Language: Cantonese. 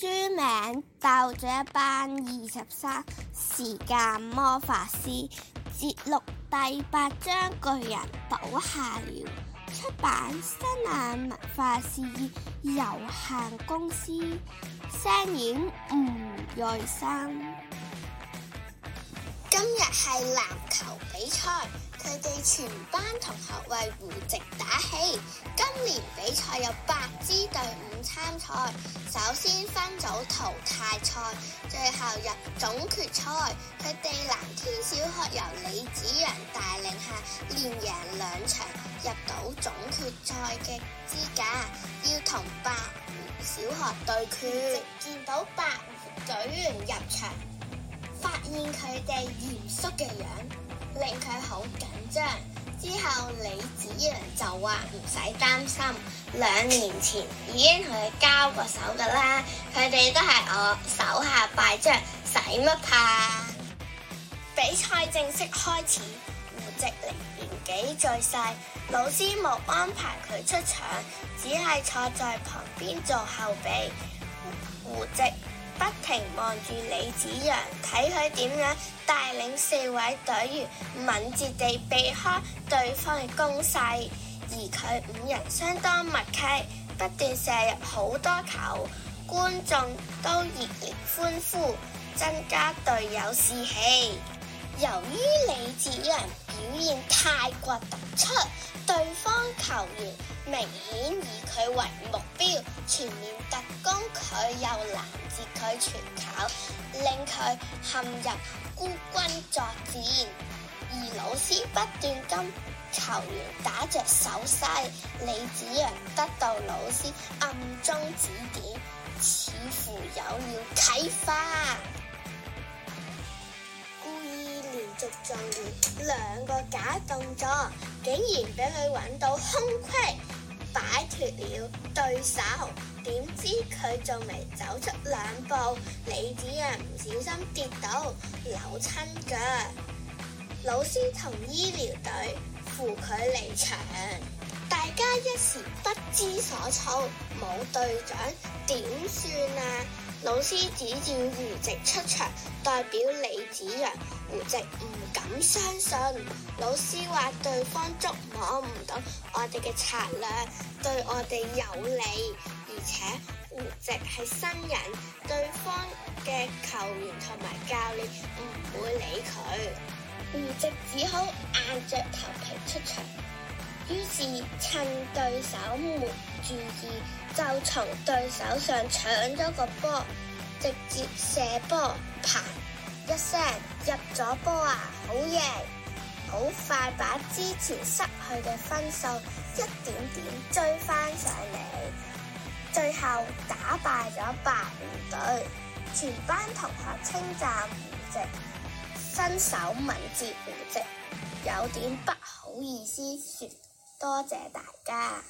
書名：鬥嘴一班二十三時間魔法師，節錄第八章巨人倒下了。出版：新雅文化事業有限公司。聲演：吳睿芯。今日係籃球比賽，佢哋全班同學為胡直打氣。今年比賽有八。去午參賽，首先分組淘汰賽，最後入總決賽。佢哋藍天小學由李子陽帶領下，連贏兩場，入到總決賽嘅資格，要同白湖小學對決。見到白湖隊員入場，發現佢哋嚴肅嘅樣，令佢好緊張。之後李子陽就話唔使擔心，兩年前已經同佢交過手㗎喇，佢哋都係我手下敗將，使乜怕？比賽正式開始，胡植年紀最細，老師冇安排佢出場，只係坐在旁邊做後備。胡,胡植。不停望住李子陽，睇佢點樣帶領四位隊員敏捷地避開對方嘅攻勢，而佢五人相當默契，不斷射入好多球，觀眾都熱烈歡呼，增加隊友士氣。由於李子陽表現太過突出，對方球員明顯以佢為目標，全面特攻佢又。傳球令佢陷入孤軍作戰，而老師不斷跟球員打着手勢，李子陽得到老師暗中指點，似乎有了啟發，故意連續做了兩個假動作，竟然俾佢揾到空隙。擺脫了對手，點知佢仲未走出兩步，李子陽唔小心跌倒，扭親腳，老師同醫療隊扶佢離場。家一時不知所措，冇隊長點算啊？老師指住胡直出場，代表李子陽。胡直唔敢相信，老師話對方捉摸唔到我哋嘅策略，對我哋有利，而且胡直係新人，對方嘅球員同埋教練唔會理佢。胡直只好硬着頭皮出場。於是趁對手沒注意，就從對手上搶咗個波，直接射波，啪一聲入咗波啊！好贏，好快把之前失去嘅分數一點點追翻上嚟，最後打敗咗白狐隊，全班同學稱讚胡直，身手敏捷，胡直有點不好意思說。多謝大家。